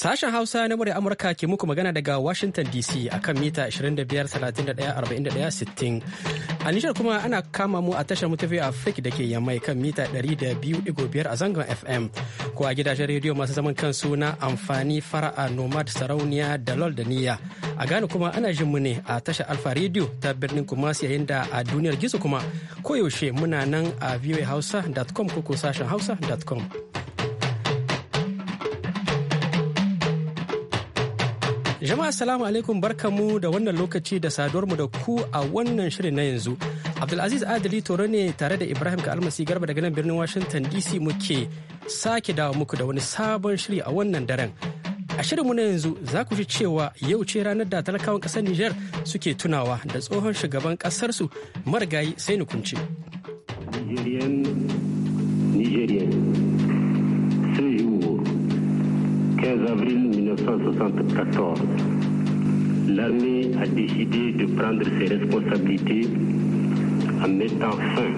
Sashen Hausa na murya Amurka ke muku magana daga Washington DC a kan mita 25 A Nijar kuma ana kama mu a tashar mutafi Afrik da ke yammai kan mita 200.5 a zangon FM ko a gidajen rediyo masu zaman kansu na amfani fara'a Nomad Sarauniya da Lol da Niyya. A gani kuma ana jin mu ne a tashar Alfa Radio ta birnin Kumasi yayin da a duniyar gizo kuma koyaushe muna nan a voahausa.com ko sashen hausa.com. Jama'a salamu alaikum barkamu da wannan lokaci da saduwar mu da ku a wannan shirin na yanzu. Abdulaziz Adali Toro ne tare da Ibrahim Kalmasi Garba daga nan birnin Washington DC muke sake dawo muku da wani sabon shiri a wannan daren. A shirin mu na yanzu za ku ji cewa yau ce ranar da talakawan ƙasar Nijar suke tunawa da tsohon shugaban ƙasarsu marigayi sai nukunci. kunci. 15 avril 1974, l'armée a décidé de prendre ses responsabilités en mettant fin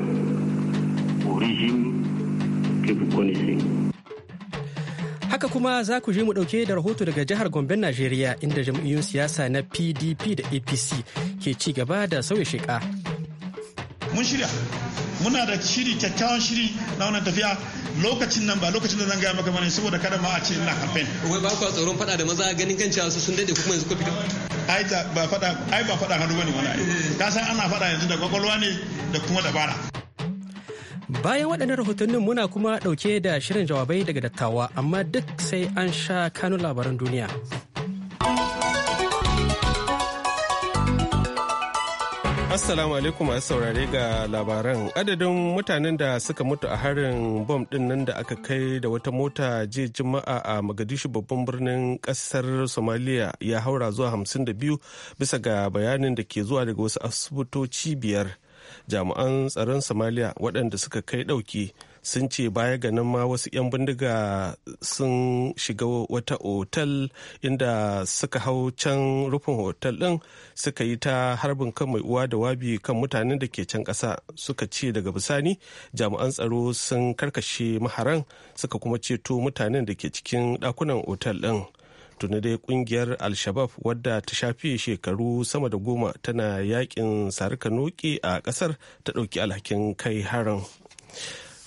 au régime que vous connaissez. Haka kuma za ku je mu dauke da rahoto daga jihar Gombe, Najeriya, inda jam'iyyun siyasa na PDP da APC ke ci gaba da sauya sheka. Mun muna da shiri kyakkyawan shiri na wannan tafiya lokacin nan ba lokacin da zan gaya maka bane saboda kada ma a ce ina campaign wai ba ku tsoron fada da maza ganin kan cewa su sun dade kuma yanzu ku fita ai ba fada ai ba fada hannu bane wani ka san ana fada yanzu da kwakwalwa ne da kuma dabara bayan waɗannan rahotannin muna kuma ɗauke da shirin jawabai daga dattawa amma duk sai an sha kanun labaran duniya. Assalamu alaikum masu saurare ga labaran. Adadin mutanen da suka mutu a harin bom din nan da aka kai da wata mota jiya Juma'a a magadishu babban birnin kasar Somalia ya haura zuwa hamsin da biyu bisa ga bayanin da ke zuwa daga wasu asibitoci biyar. Jami'an tsaron Somalia waɗanda suka kai ɗauki sun ce baya ga nan ma wasu 'yan bindiga sun shiga wata otal inda suka hau can rufin otal ɗin suka yi ta harbin kan mai uwa da wabi kan mutanen da ke can ƙasa suka ce daga bisani jami'an tsaro sun karkashe maharan suka kuma ceto mutanen da ke cikin ɗakunan otal ɗin. tuni dai kungiyar al-shabab wadda ta shafi shekaru sama da goma tana yakin sarika noki a kasar ta dauki alhakin kai harin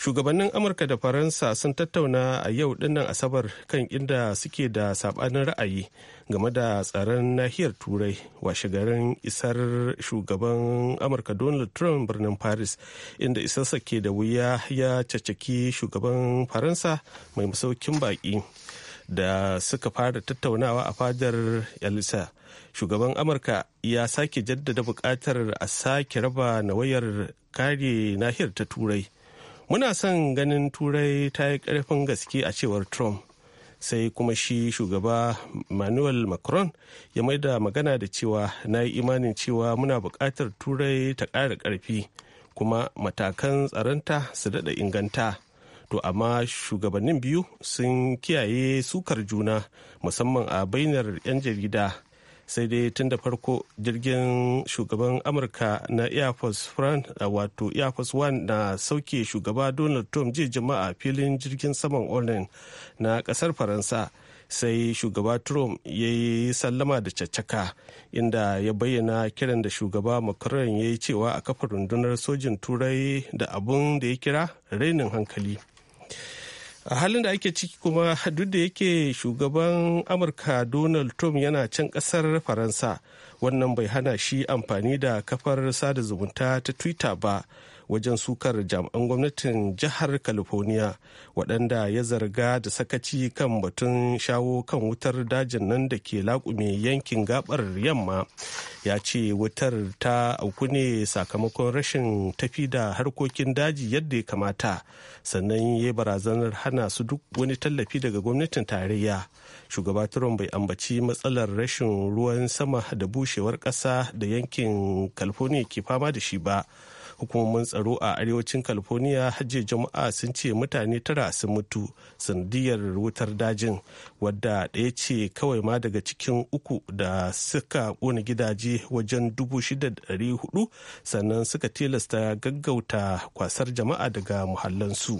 shugabannin amurka da faransa sun tattauna a yau dinnan asabar kan inda suke da sabanin ra'ayi game da tsaron nahiyar turai washegarin isar shugaban amurka donald trump birnin paris inda isarsa ke da wuya ya caccaki shugaban faransa mai masaukin baki da suka fara tattaunawa a fadar elisa shugaban amurka ya sake jaddada buƙatar a sake raba na wayar kare nahiyar ta turai muna son ganin turai ta yi karfin gaske a cewar trump sai kuma shi shugaba manuel macron ya maida magana da cewa na yi imanin cewa muna buƙatar turai ta ƙara ƙarfi kuma matakan tsaronta su daɗa inganta to amma shugabannin biyu sun kiyaye sukar juna musamman a bainar 'yan jarida sai dai tun da farko jirgin shugaban amurka na air force uh, wato air force one na sauke shugaba donald trump jiya jama'a filin jirgin saman orlin na kasar faransa sai shugaba trump ya yi sallama da caccaka inda ya bayyana kiran da shugaba macron ya yi cewa a kafa rundunar sojin turai da abun da ya kira rainin hankali a halin da ake ciki kuma duk da yake shugaban amurka donald trump yana can kasar faransa wannan bai hana shi amfani da kafar sada zumunta ta twitter ba wajen sukar jami'an gwamnatin jihar california waɗanda ya zarga da sakaci kan batun shawo kan wutar dajin nan da ke laƙume yankin gabar yamma ya ce wutar ta auku ne sakamakon rashin tafi da harkokin daji yadda ya kamata sannan ya barazanar hana su duk wani tallafi daga gwamnatin tarayya shugaba trump bai ambaci matsalar rashin ruwan sama da bushewar ƙasa da yankin california ke fama da shi ba hukumomin tsaro a arewacin california hajji jama'a sun ce mutane tara sun mutu sanadiyar wutar dajin wadda ɗaya ce kawai ma daga cikin uku da suka ƙona gidaje wajen dubu shida hudu sannan suka tilasta gaggauta kwasar jama'a daga muhallansu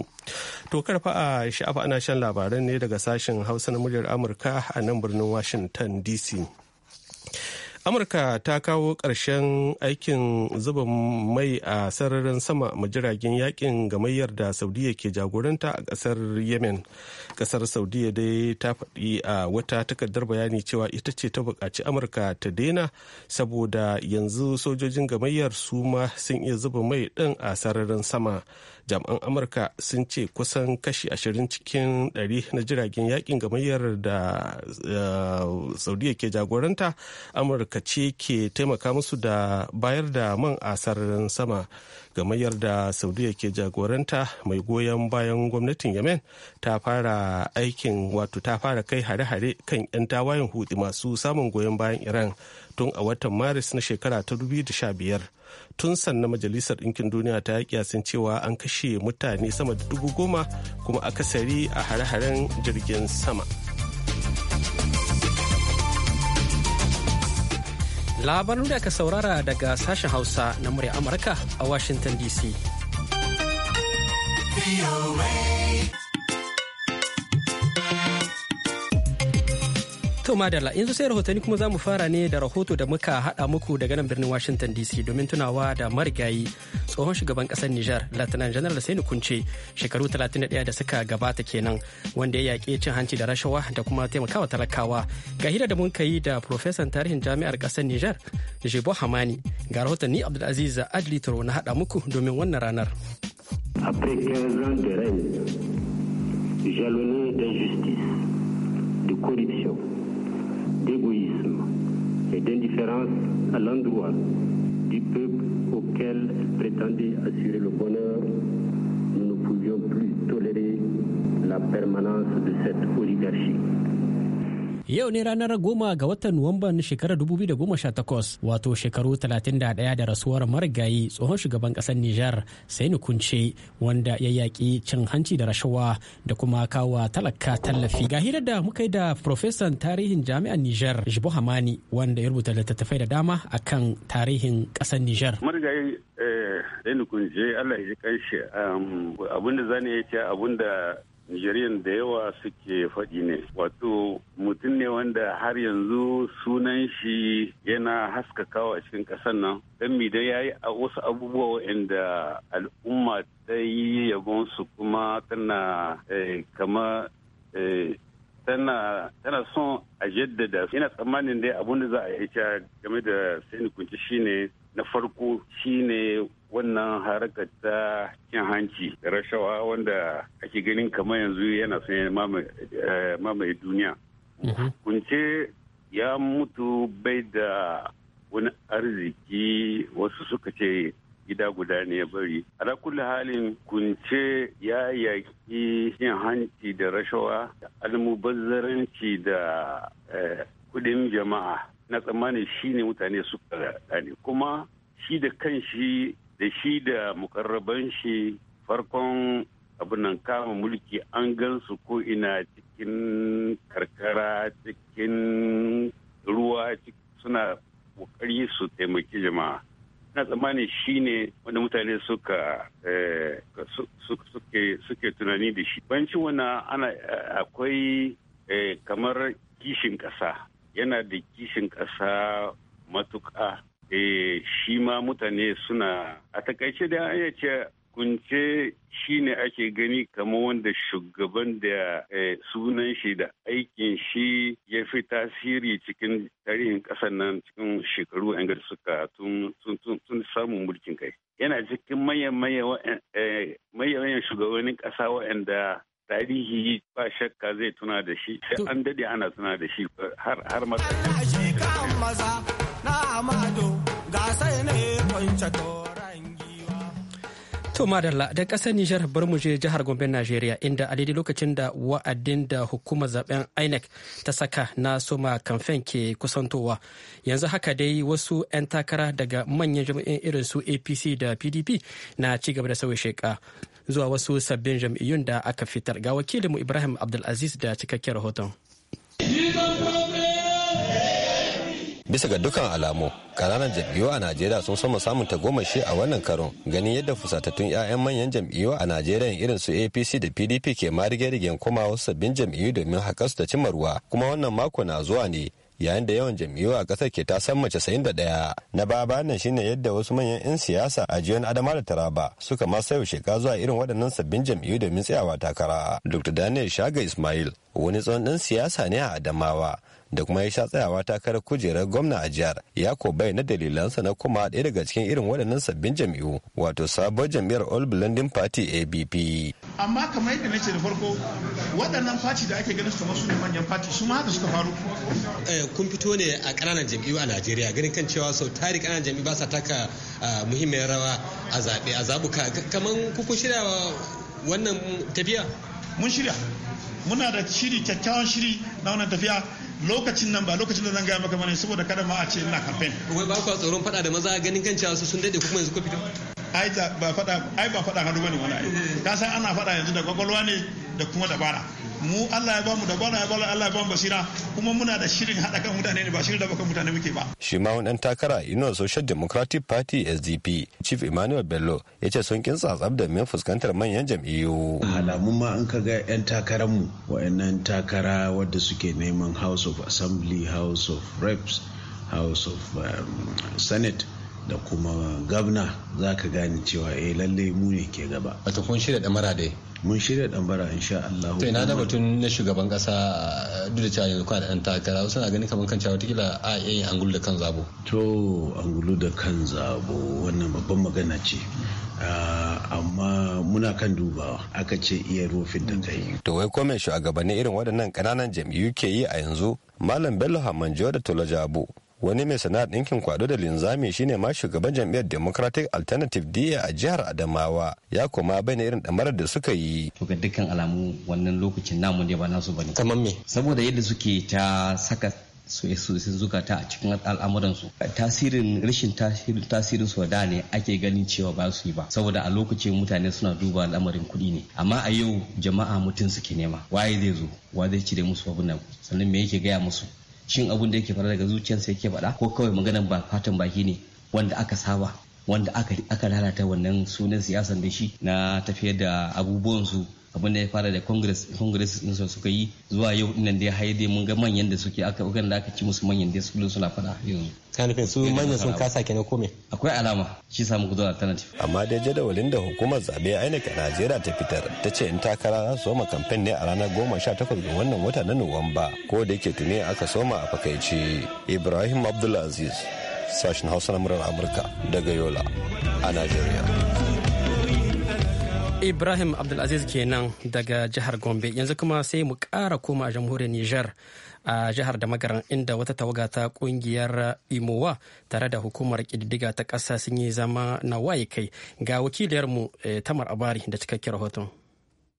to karfa a sha'afa ana shan labaran ne daga sashen hausa na muryar amurka a nan birnin washington dc amurka ta kawo ƙarshen aikin zuba mai a sararin sama ma jiragen yakin gamayyar da saudiya ke jagoranta a ƙasar yemen ƙasar saudiya dai ta faɗi a wata takardar bayani cewa ita ce ta buƙaci amurka ta daina saboda yanzu sojojin gamayyar su ma sun iya zuba mai ɗin a sararin sama jami'an amurka sun ce kusan kashi ashirin cikin ɗari na jiragen yakin gamayyar da eh, saudiya ke jagoranta amurka ce ke taimaka musu da bayar da man a sararin sama gamayyar da saudiya ke jagoranta mai goyon bayan gwamnatin yemen ta fara aikin wato ta fara kai hare-hare kan 'yan tawayen hutu masu samun goyon bayan iran tun a watan maris na shekara ta da 2015 tun sannan majalisar ɗinkin duniya ta yi kiyasin cewa an kashe mutane sama da dubu goma kuma akasari a hare-haren jirgin sama labarin da aka saurara daga sashen hausa na murya amurka a washington dc To madalla yanzu sai rahotanni kuma za mu fara ne da rahoto da muka haɗa muku daga nan birnin Washington DC domin tunawa da marigayi tsohon shugaban ƙasar Nijar Latinan General Lassani Kunce shekaru 31 da suka gabata kenan wanda ya yaƙi cin hanci da rashawa da kuma taimakawa talakawa. Ga hira da mun yi da Profesan tarihin jami'ar ƙasar Nijar Jibo Hamani ga rahotanni ni Abdulaziz Adli Toro na haɗa muku domin wannan ranar. Après 15 ans de règne, jalonné d'injustice, de corruption, d'égoïsme et d'indifférence à l'endroit du peuple auquel elle prétendait assurer le bonheur, nous ne pouvions plus tolérer la permanence de cette oligarchie. Yau ne ranar goma ga watan Nuwamban shekarar 2018 wato shekaru 31 da rasuwar marigayi tsohon shugaban ƙasar Nijar sai kunce wanda ya yaƙi cin hanci da rashawa da kuma kawa talaka tallafi. Ga hirar da muka yi da Profesan tarihin jami'an Nijar Jibo Hamani wanda ya rubuta littattafai da dama akan tarihin kasar Nijar. Marigayi eh, kunce Allah ya ji um, da abinda zane ya ce abinda Nigerian da yawa suke faɗi ne. Wato mutum ne wanda har yanzu sunan shi yana haskakawa a cikin ƙasar nan. Dan mi da ya yi wasu abubuwa wa'inda al'umma ta yi yabon su kuma tana eh, kama eh, tana son a jaddada su ina tsammanin dai abun da za a yi game da sai kunci shine na farko shine wannan harkar ta cin hanci da rashawa wanda ake ganin kamar yanzu yana sanya eh, mamaye duniya. Mhm. Kunce ya mutu bai da wani arziki wasu suka ce gida guda ne ya bari. A kulle halin kunce ya yaƙi cin hanci da rashawa da almubazzaranci da eh, kudin jama'a na tsammanin shi ne mutane suka gane kuma shi da kan shi. da shi da mukarraban shi farkon abinan kama mulki an gansu ko ina cikin karkara cikin ruwa suna kokari su taimaki jama'a na tsammani shi ne wanda mutane eh, suke tunani da shi banci wana ana akwai eh, kamar kishin ƙasa yana da kishin ƙasa matuƙa eh shi ma mutane suna a takaice da an ce kunce shi ne ake gani kamar wanda shugaban da eh, sunan shi da aikin shi ya fi tasiri cikin tarihin ƙasar nan cikin shekaru an gari suka tun samun mulkin kai yana cikin manyan eh, shugabannin ƙasa waɗanda tarihi ba shakka zai tuna da shi an dade ana tuna da shi har matsayi na amado ga da kasar Nijar bar mu je jihar Gombe Najeriya inda a daidai lokacin da wa'adin da hukumar zaben INEC ta saka na soma kamfen ke kusantowa. Yanzu haka dai wasu 'yan takara daga manyan jami'in irin su APC da PDP na ci gaba da sauya sheka zuwa wasu sabbin jam'iyyun da aka fitar. Ga wakilinmu Ibrahim Abdulaziz da cikakken rahoton. bisa ga dukkan alamu kananan jam'iyyu a najeriya sun sama samun tagomashi a wannan karon ganin yadda fusatattun 'ya'yan manyan jam'iyyu a najeriya irin su apc da pdp ke ma rige rigen komawa sabbin jam'iyyu domin haƙarsu da cimma ruwa kuma wannan mako na zuwa ne yayin da yawan jam'iyyu a ƙasar ke ta san mace ɗaya na baba nan shine yadda wasu manyan 'yan siyasa a jiyon adama da taraba suka ma sayo sheka zuwa irin waɗannan sabbin jam'iyyu domin tsayawa takara dr daniel shaga ismail wani tsohon ɗan siyasa ne a adamawa da kuma ya sha tsayawa takarar kujerar gwamna a jihar ya ko bayyana dalilansa na kuma ɗaya daga cikin irin waɗannan sabbin jam'iyyu wato sabon jam'iyyar all blending party abp amma kamar yadda ce da farko waɗannan fati da ake ganin su kamar su ne manyan fati su ma haka suka faru eh, kun fito ne a ƙananan jam'iyyu a najeriya ganin kan cewa sau tari ƙananan jam'iyyu ba sa taka ah, muhimmiyar rawa a zaɓe a zaɓuka kamar kuku shirya wannan tafiya mun shirya muna da shiri kyakkyawan shiri na wannan tafiya lokacin nan ba lokacin da zan gaya maka bane saboda kada ma a ce ina campaign wai ba ku tsoron faɗa da maza ganin kan cewa su sun daɗe kuma yanzu ku fito ai ba faɗa ai ba hannu bane wani ai eh. ka san ana faɗa yanzu da kwakwalwa ne da kuma dabara mu Allah ya bamu dabara ya bamu Allah ya mu basira kuma muna da shirin haɗa kan mutane ne ba shirin da kan mutane muke ba shi ma wani takara Union Social Democratic Party SDP Chief Emmanuel Bello ya ce sun kin tsatsab da mai fuskantar manyan jam'iyyu alamun ma an kaga ga yan takarar mu wayannan takara wadda suke neman House of Assembly House of Reps House of um, Senate da kuma gabna za ka gane cewa eh lalle mu ne ke gaba wato kun shirya damara dai mun shirya damara insha Allah to ina da batun na shugaban kasa duk da cewa yanzu kuna da dan takara wasu na ganin kamar kan cewa wata a iya angulu da kan zabo to angulu da kan zabo wannan babban magana ce ah, amma muna kan dubawa aka ce iya rufin da kai to wai ko mai shugabanni irin waɗannan ƙananan jam'iyyu ke yi a yanzu malam bello hamman da tolaja abu wani mai sana'ar ɗinkin kwado da linzami shine ma shugaban jam'iyyar democratic alternative da a jihar adamawa ya koma bayan irin damarar da suka yi to ga dukkan alamu wannan lokacin namu ne ba nasu bane kamar me saboda yadda suke ta saka su zuka ta a cikin al'amuransu tasirin rashin tasirin tasirin su da ne ake ganin cewa ba su yi ba saboda a lokacin mutane suna duba al'amarin kuɗi ne amma a yau jama'a mutum suke nema waye zai zo wa zai cire musu abin nan sannan me yake gaya musu shin abin da yake fara daga zuciyarsa yake faɗa ko kawai maganan ba fatan baki ne wanda aka saba wanda aka, lalata wannan sunan siyasan da shi na tafiyar da abubuwansu abin da ya fara da congress congress din su suka yi zuwa yau nan da ya haide mun ga manyan da suke aka ga da aka ci musu manyan da su suna fada yanzu ka nufin su manyan sun kasa kenan ko me akwai alama shi sa muku zuwa alternative amma dai jadawalin da hukumar zabe INEC a Najeriya ta fitar ta ce in takara za su soma kamfen ne a ranar 18 ga wannan wata na Nuwamba ko da yake tuni aka soma a fakaici Ibrahim Abdulaziz sashen Hausa na murar Amurka daga Yola a Najeriya. Ibrahim Abdulaziz kenan daga jihar Gombe yanzu kuma sai mu ƙara koma a jamhuriyar Nijar a jihar da magaran inda wata tawaga ta kungiyar Imowa tare da hukumar ƙididdiga ta ƙasa sun yi zama na waye kai ga wakiliyarmu eh, Tamar Abari da cikakken rahoton.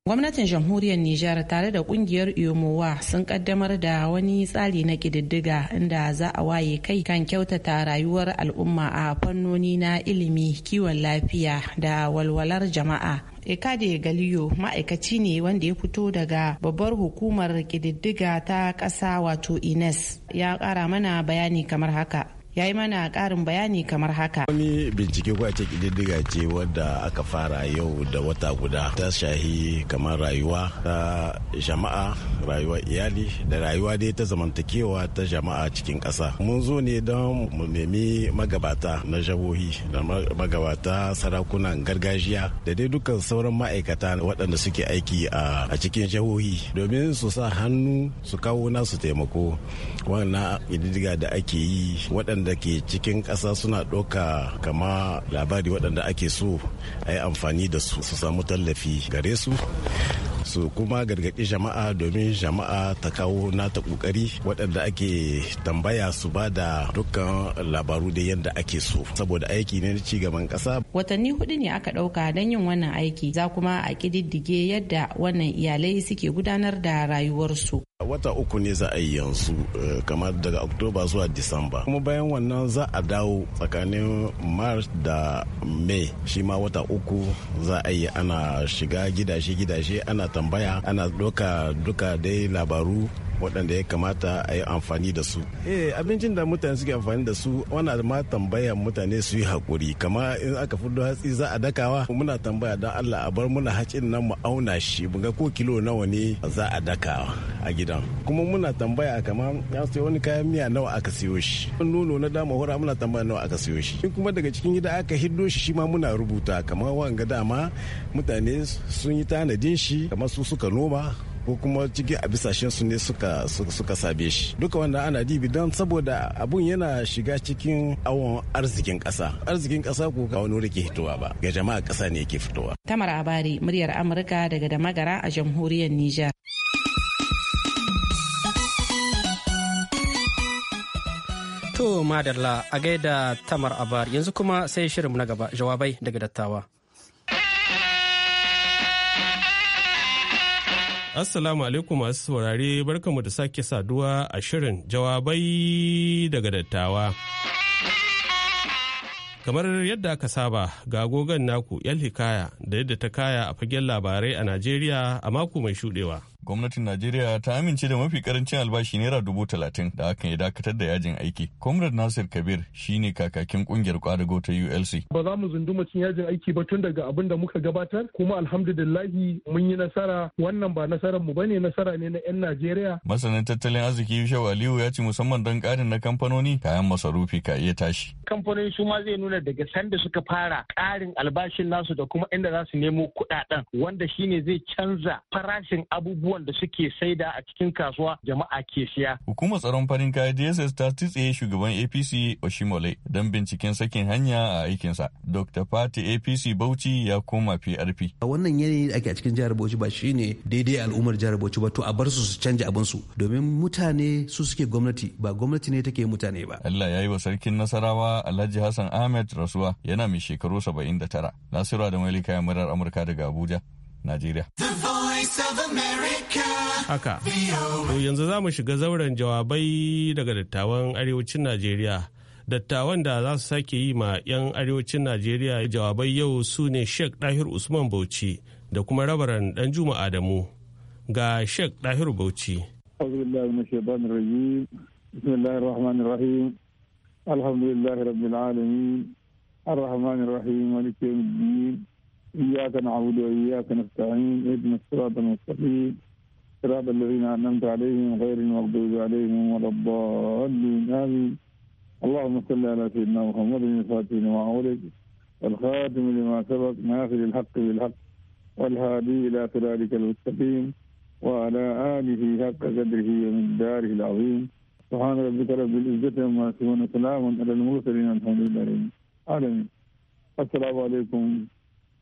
Gwamnatin jamhuriyar Nijar tare da kungiyar Iyomowa sun kaddamar da wani tsari na kididdiga inda za a waye kai kan kyautata rayuwar al'umma a fannoni na ilimi, kiwon lafiya da walwalar jama'a. Ikade Galiyo ma'aikaci ne wanda ya fito daga babbar hukumar kididdiga ta ƙasa wato Ines ya ƙara mana bayani kamar haka. ya yi mana ƙarin bayani kamar haka. Wani bincike ko ce kididdiga ce wadda aka fara yau da wata guda ta shahi kamar rayuwa ta jama'a rayuwar iyali da rayuwa dai ta zamantakewa ta jama'a cikin ƙasa. Mun zo ne don mu nemi magabata na jahohi da magabata sarakunan gargajiya da dai dukkan sauran ma'aikata waɗanda suke aiki a cikin jahohi domin su sa hannu su kawo nasu taimako wannan kididdiga da ake yi waɗanda da ke cikin ƙasa suna ɗauka kama labari waɗanda ake so a yi amfani da su su samu tallafi gare su su kuma gargaɗi jama'a domin jama'a ta kawo nata ƙoƙari waɗanda ake tambaya su ba da dukkan labaru da yadda ake so saboda aiki ne na cigaban ƙasa. Watanni hudu ne aka ɗauka don yin wannan aiki za kuma a ƙididdige yadda wannan iyalai suke gudanar da rayuwarsu. wata uku ne za a yi yanzu eh, kamar daga oktoba zuwa disamba kuma bayan wannan za a dawo tsakanin march da may shi ma wata uku za a yi ana shiga gidashe gidashe ana tambaya ana doka duka dai labaru waɗanda ya kamata a yi amfani da su eh abincin da mutane suke amfani da su wana ma tambaya mutane su yi haƙuri kama in aka fito hatsi za a dakawa muna tambaya don allah a bar muna hacin nan mu auna shi mu ga ko kilo nawa ne za a dakawa a gidan kuma muna tambaya kama ya sayo wani kayan miya nawa aka siyo shi nono na dama hura muna tambaya nawa aka siyo shi in kuma daga cikin gida aka hiddo shi shi ma muna rubuta kama wanga dama mutane sun yi tanadin shi kamar su suka noma ko kuma cikin a su ne suka suka sabe shi duka wanda ana dibi don saboda abun yana shiga cikin awon arzikin kasa arzikin kasa ko ka wani rike ke fitowa ba ga jama'a kasa ne yake fitowa tamar abari muryar amurka daga damagara a jamhuriyar niger To madalla a gaida tamar abar yanzu kuma sai shirin na gaba jawabai daga dattawa. Assalamu alaikum masu saurare barkamu da sake saduwa a shirin jawabai daga dattawa. Kamar yadda aka saba ga gogon naku 'yan hikaya da yadda ta kaya a fagen labarai a Najeriya a mako mai shudewa. gwamnatin Najeriya ta amince da mafi karancin albashi naira dubu talatin da hakan ya dakatar da yajin aiki. Comrade Nasir Kabir shi ne kakakin kungiyar kwadago ta ULC. Ba za mu zunduma cin yajin aiki ba tun daga abin da muka gabatar kuma alhamdulillahi mun yi nasara wannan ba nasarar mu bane nasara ne na 'yan Najeriya. Masanin tattalin arziki Yushau Aliyu ya ce musamman don karin na kamfanoni kayan masarufi ka iya tashi. Kamfanoni su ma zai nuna daga sanda suka fara karin albashin nasu da kuma inda za su nemo kuɗaɗen wanda shine zai canza farashin abubuwa abubuwan da suke saida a cikin kasuwa jama'a ke siya. Hukumar tsaron farin kaya DSS ta titse shugaban APC Oshimole don binciken sakin hanya a aikinsa. Dr. Fati APC Bauchi ya koma PRP. A wannan yanayi da ake a cikin jihar Bauchi ba shine daidai al'ummar jihar Bauchi ba to a bar su su canja abin su domin mutane su suke gwamnati ba gwamnati ne take mutane ba. Allah ya yi wa sarkin Nasarawa Alhaji Hassan Ahmed rasuwa yana mai shekaru saba'in da tara, Nasiru da kayan murar Amurka daga Abuja, Najeriya. The Voice of America. Haka, to yanzu za mu shiga zauren jawabai daga dattawan arewacin Najeriya. Dattawan da za su sake yi ma 'yan arewacin Najeriya jawabai yau su ne Sheikh Dahir Usman Bauchi da kuma rabaran Dan Juma Adamu ga Sheikh Dahir Bauchi. بسم الله الرحمن الرحيم الحمد الرحمن الرحيم مالك يوم الدين إياك نعبد وإياك نستعين اهدنا الصراط المستقيم الصراط الذين أنعمت عليهم غير المغضوب عليهم ولا الضالين آمين اللهم صل على سيدنا محمد بن لما أولد والخاتم لما سبق ناخذ الحق بالحق والهادي إلى صراطك المستقيم وعلى آله حق قدره ومن داره العظيم سبحان ربك رب العزة عما يصفون سلام على المرسلين الحمد لله آمين السلام عليكم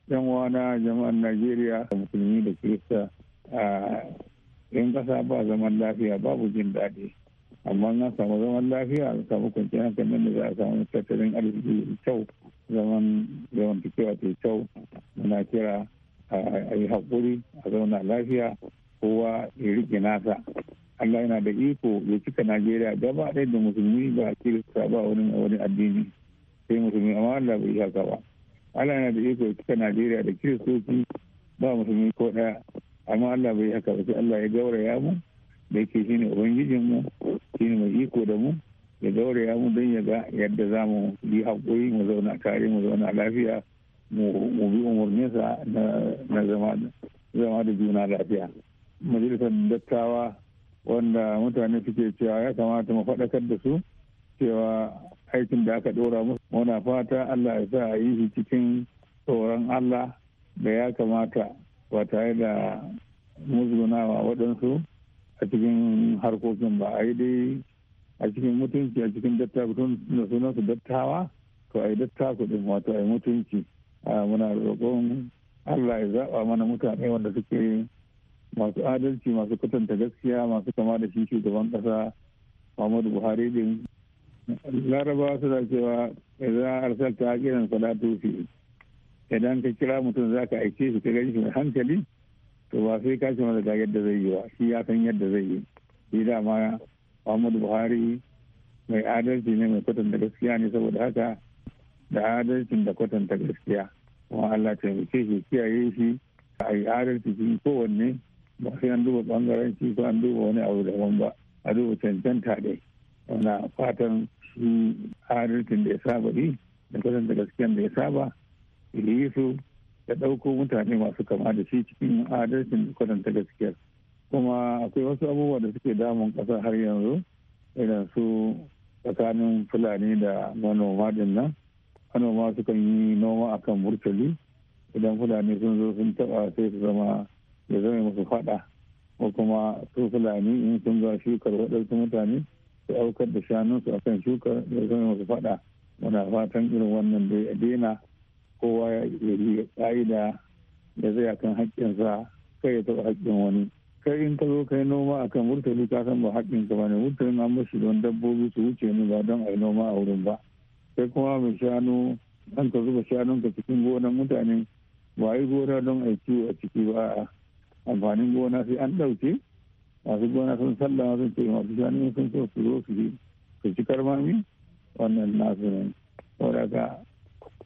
جمعنا جمع نيجيريا المسلمين musulmi in kasa ba zaman lafiya babu jin daɗi amma na samu zaman lafiya a samu kwanciyar hankalin da za a samu tattalin arziki kyau zaman zaman tukewa ta kyau muna kira a yi haƙuri a zauna lafiya kowa ya rike nasa Allah yana da iko ya cika Najeriya gaba ɗaya da musulmi ba a kirista ba wani wani addini sai musulmi amma Allah bai haka ba Allah yana da iko ya cika Najeriya da kiristoci ba musulmi ko ɗaya amma Allah bai haka ba sai Allah ya gauraya mu da yake shine ubangijin mu shine mai iko da mu ya gauraya mu don ya ga yadda za mu yi haƙuri mu zauna tare mu zauna lafiya mu bi umarninsa na zama da juna lafiya majalisar dattawa wanda mutane suke cewa ya kamata mu faɗakar da su cewa aikin da aka ɗora musu muna fata allah ya sa a yi shi cikin tsoron allah da ya kamata ba tare da musgunawa waɗansu a cikin harkokin ba a yi dai a cikin mutunci a cikin dattawa da sunansu dattawa to a yi dattawa kuɗin wato a yi mutunci muna roƙon allah ya zaɓa mana mutane wanda suke masu adalci masu kwatanta gaskiya masu kama da shi shugaban ƙasa muhammadu buhari din larabawa suna cewa idan arsalta hakinan salatu fi idan ka kira mutum za ka aike shi ka gani shi mai hankali to ba sai ka ce masa ga yadda zai yi ba shi ya san yadda zai yi shi dama Muhammadu Buhari mai adalci ne mai kwatanta gaskiya ne saboda haka da adalcin da kwatanta gaskiya kuma Allah taimake shi kiyaye shi a yi adalci shi kowanne ba sai an duba bangaren shi ko an duba wani abu daban ba a duba cancanta dai wana fatan shi adalcin da ya saba yi da kwatanta gaskiyan da ya saba iliyasu ya ɗauko mutane masu kama da shi cikin adalcin kwatanta gaskiya kuma akwai wasu abubuwa da suke damun ƙasa har yanzu irin su tsakanin fulani da manoma din nan manoma sukan yi noma akan murtali idan fulani sun zo sun taɓa sai su zama ya zama musu faɗa ko kuma su fulani in sun ga shukar waɗansu mutane su aukar da shanunsu akan shukar ya zama musu faɗa muna fatan irin wannan dai a daina kowa ya yi ƙa'ida da zai akan sa kai ya taɓa haƙƙin wani kai in ka zo kai noma akan wurtali ka san ba haƙƙin ka bane murtalin an mashi don dabbobi su wuce ni ba don a yi noma a wurin ba sai kuma mai shanu an ka zuba shanun ka cikin gonan mutane ba a yi gona don a kiwo a ciki ba a amfanin gona sai an ɗauke masu gona sun sallama sun ce masu shanu sun so su zo su ci karmami wannan nasu ne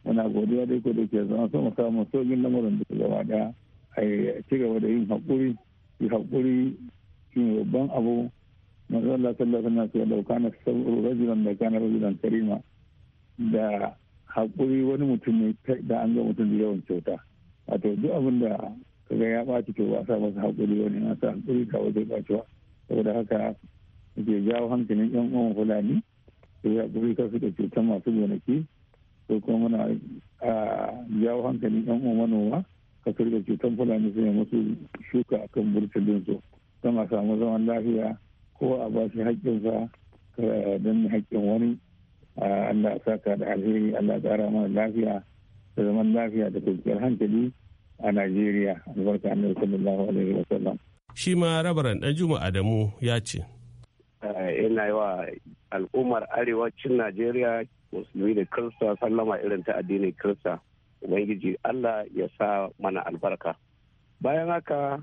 muna godiya dai ko da ke zama sama samun samu sojin lamarin da gaba daya a ci gaba da yin haƙuri yi haƙuri shi babban abu manzo Allah sallallahu alaihi wasallam ya na sabru rajulan da kana rajulan karima da haƙuri wani mutum ne da an ga mutum da yawan kyauta wato duk abin da kaga ya ɓaci to ba sa masa haƙuri wani na sa haƙuri ka wajen ɓacewa saboda haka ke jawo hankalin yan uwan fulani su ya haƙuri ka su da cutar masu gonaki ko kuma muna a jawo hankalin yan uwa manoma ka kirga cutar fulani sai musu shuka kan burtalin su don a samu zaman lafiya ko a ba shi haƙƙinsa don haƙƙin wani Allah ya saka da alheri Allah ya ƙara mana lafiya da zaman lafiya da kwanciyar hankali a Najeriya albarka annabi sallallahu alaihi wa sallam shi ma rabaran dan Juma Adamu ya ce ina yi wa al'ummar arewacin Najeriya musulmi da kirista sallama irin ta addinin kirista ubangiji allah ya sa mana albarka bayan haka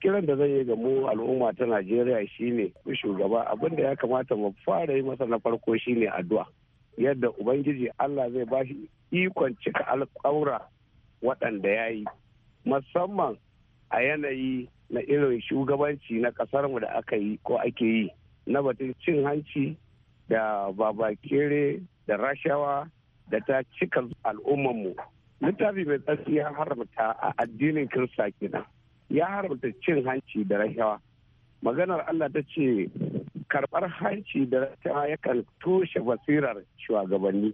kiran da zai yi ga mu al'umma ta najeriya shine shugaba abin da ya kamata mu fara yi masa na farko shine addu'a yadda ubangiji allah zai ba shi ikon cika alƙawura waɗanda ya yi musamman a yanayi na irin shugabanci na ƙasarmu da aka yi ko ake yi na batun cin hanci da babakere da rashawa da ta cika al'ummanmu littafi mai tsarki ya haramta a addinin kirista kenan ya haramta cin hanci da rashawa maganar allah ta ce karbar hanci da rashawa yakan toshe basirar shugabanni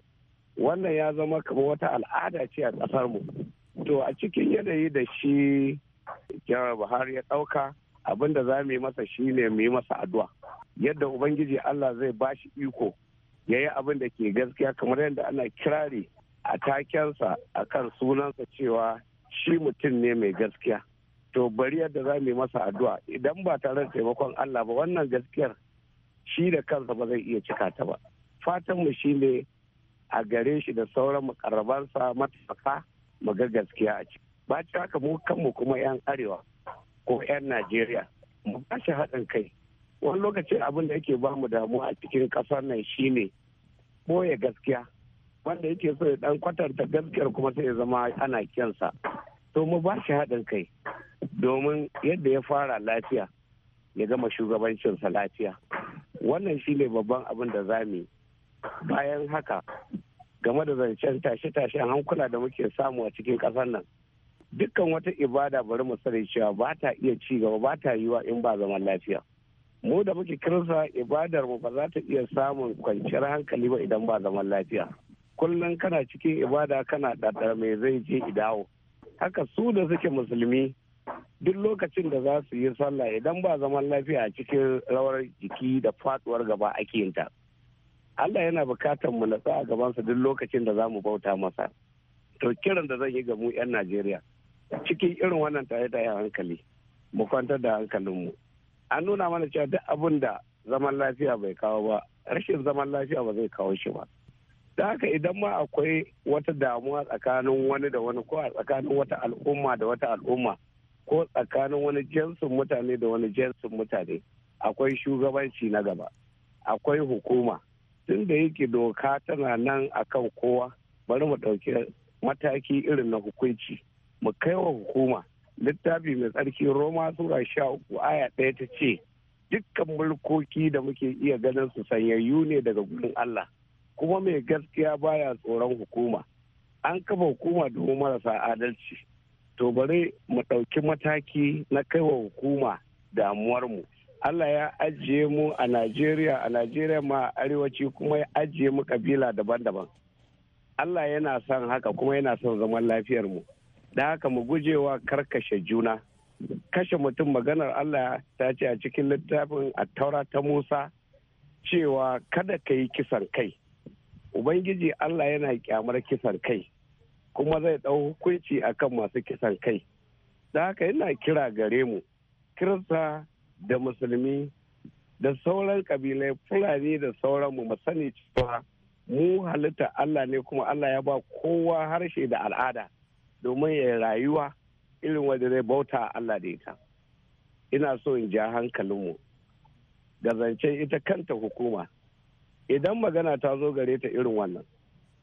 wannan ya zama kamar wata al'ada ce a mu. to a cikin yanayi da shi jihar buhari ya ɗauka abin da za mu yi masa shine mu yi masa addu'a yadda ubangiji allah zai ba shi iko ya yi abin da ke gaskiya kamar yadda ana kirari a takensa a kan sunansa cewa shi mutum ne mai gaskiya to bari yadda za mu yi masa addu'a idan ba tare da taimakon Allah ba wannan gaskiyar shi da kansa ba zai iya cika ta ba fatan mu ne a gare shi da sauran makarabansa matafaka mu ga gaskiya a ciki ba ci haka mu kanmu kuma 'yan arewa ko 'yan najeriya mu ba shi haɗin kai wani lokaci abin da yake ba mu damuwa a cikin kasar nan shine boye gaskiya wanda yake so ya dan kwatanta gaskiyar kuma sai ya zama ana kyansa to mu ba shi haɗin kai domin yadda ya fara lafiya ya gama shugabancinsa lafiya wannan shine babban abin da za mu bayan haka game da zancen tashe-tashen hankula da muke samu a cikin ƙasar nan dukkan wata ibada bari mu sani cewa ba ta iya ci gaba ba ta yiwa in ba zaman lafiya mu da muke kirsa ibadar mu ba za ta iya samun kwanciyar hankali ba idan ba zaman lafiya kullum kana cikin ibada kana ɗaɗar mai zai je idawo haka su da suke musulmi duk lokacin da za su yi sallah idan ba zaman lafiya a cikin rawar jiki da faduwar gaba ake yin ta Allah yana bukatar mu natsa a gabansa duk lokacin da za mu bauta masa to kiran da zan yi ga mu 'yan Najeriya cikin irin wannan tare da hankali mu kwantar da hankalinmu an nuna mana cewa duk abin da zaman lafiya bai kawo ba rashin zaman lafiya ba zai kawo shi ba da haka idan ma akwai wata damuwa tsakanin wani da wani ko a tsakanin wata al'umma da wata al'umma ko tsakanin wani jinsin mutane da wani jinsin mutane akwai shugabanci na gaba akwai hukuma tun da yake doka tana nan akan kowa bari mu ɗauki mataki irin na hukunci mu kai wa hukuma littafi mai tsarki roma sura sha uku aya ɗaya ta ce dukkan mulkoki da muke iya ganin su sanyayyu ne daga gurin allah kuma mai gaskiya baya tsoron hukuma an kafa hukuma domin marasa adalci to bari mu ɗauki mataki na kaiwa hukuma damuwar mu. allah ya ajiye mu a najeriya a najeriya ma arewaci kuma ya ajiye mu kabila daban-daban allah yana son haka kuma yana son zaman lafiyarmu da haka mu gujewa karkashe juna kashe mutum maganar allah ta ce a cikin littafin attaura ta musa cewa kada ka yi kisan kai ubangiji allah yana kyamar kisan kai kuma zai ɗau hukunci akan masu kisan kai da haka yana kira gare mu kirista da musulmi da sauran kabilai fulani da sauran mu sani cewa mu halitta allah ne kuma allah ya ba kowa harshe da al'ada domin ya rayuwa irin wanda zai bauta Allah da ita ina so in ja hankalinmu ga zancen ita kanta hukuma idan magana ta zo gare ta irin wannan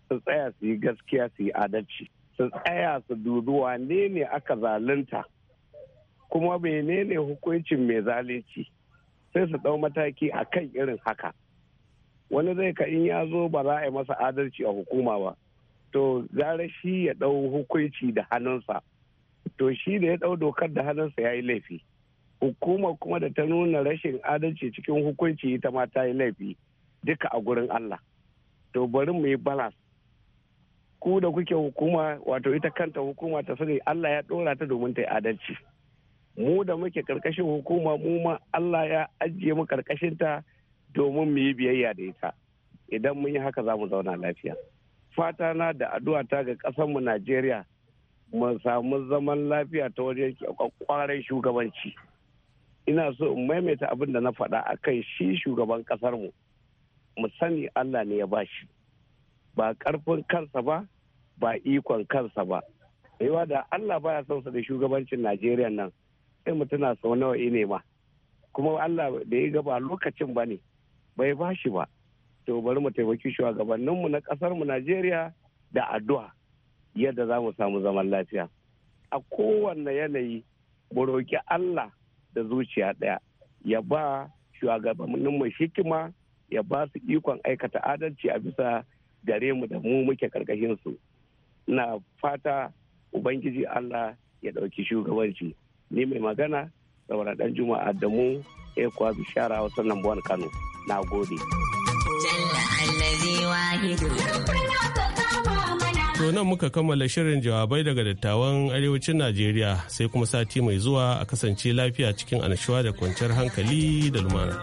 su tsaya su yi gaskiya su yi adalci su tsaya su dubi wane ne aka zalunta kuma menene hukuncin mai zalunci sai su ɗau mataki a kan irin haka wani zai ka in ya zo ba za a yi masa adalci a hukuma ba to gara shi ya ɗau hukunci da hannunsa to shi da ya ɗau dokar da hannunsa ya yi laifi hukuma kuma da ta nuna rashin adalci cikin hukunci ita ma ta yi laifi duka a gurin Allah to bari mu yi balas ku da kuke hukuma wato ita kanta hukuma ta sani Allah ya ɗora ta domin ta yi adalci mu da muke karkashin hukuma mu ma Allah ya ajiye mu karkashin ta domin mu yi biyayya da ita idan mun yi haka za mu zauna lafiya fata na da addu'a ta ga ƙasarmu najeriya mu samu zaman lafiya ta wajen kwarai shugabanci ina so in maimaita abin da na faɗa a kan shi shugaban ƙasarmu mu sani allah ne ya bashi ba ƙarfin kansa ba ba ikon kansa ba yawa da allah baya son sa da shugabancin najeriya nan sai mu tuna sau nawa ne ma kuma allah da ya gaba lokacin ba ne bai bashi ba to bari mu taimaki shugabanninmu na ƙasarmu najeriya da addu'a yadda za mu samu zaman lafiya a kowanne yanayi mu roƙi allah da zuciya ɗaya ya ba shugabanninmu hikima ya ba su ikon aikata adalci a bisa gare mu da mu muke su na fata ubangiji allah ya ɗauki shugabanci ni mai magana saboda ɗan juma'a da mu ekwa bishara wasu nan kano na gode. To nan muka kammala shirin jawabai daga dattawan arewacin Najeriya sai kuma sati mai zuwa a kasance lafiya cikin annashuwa da kwanciyar hankali da lumana.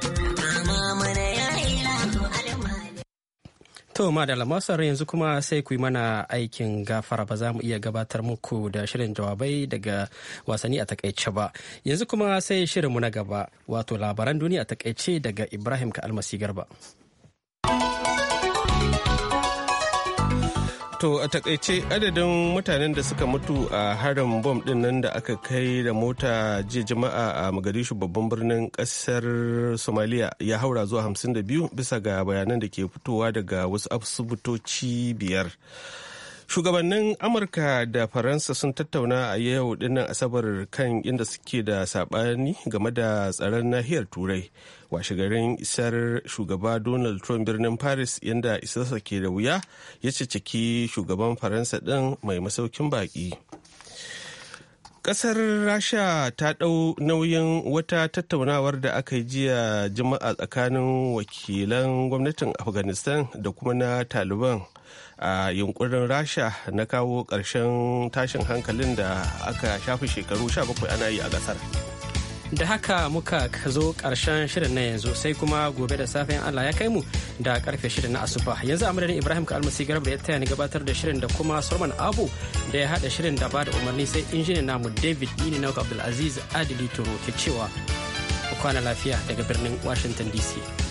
To da masar yanzu kuma sai ku yi mana aikin gafara ba za mu iya gabatar muku da shirin jawabai daga wasanni a takaice ba. Yanzu kuma sai mu na gaba wato labaran duniya a takaice daga Ibrahim ka almasi garba. To a takaice adadin mutanen da suka mutu a harin bom din nan da aka kai da mota jiya jama'a a Mogadishu babban birnin kasar Somalia ya haura zuwa 52 bisa ga bayanan da ke fitowa daga wasu asibitoci biyar. shugabannin amurka da faransa sun tattauna a yau dinnan asabar kan inda suke da sabani game da tsaron nahiyar turai washegarin isar shugaba donald trump birnin paris yadda isarsa ke da wuya ya ciki shugaban faransa din mai masaukin baki kasar rasha ta ɗau nauyin wata tattaunawar da aka yi jiya jima'a tsakanin wakilan gwamnatin afghanistan da kuma na taliban a yunkurin rasha na kawo ƙarshen tashin hankalin da aka shafi shekaru 17 ana yi a gasar da haka muka zo ƙarshen shirin na yanzu sai kuma gobe da safen allah ya kai mu da karfe shirin na asuba yanzu a madadin ibrahim almasi garba da ya taya ni gabatar da shirin da kuma solomon abu da ya haɗa shirin da ba da umarni sai injiniyan namu david ini nauka abdulaziz adili ke cewa kwana lafiya daga birnin washington dc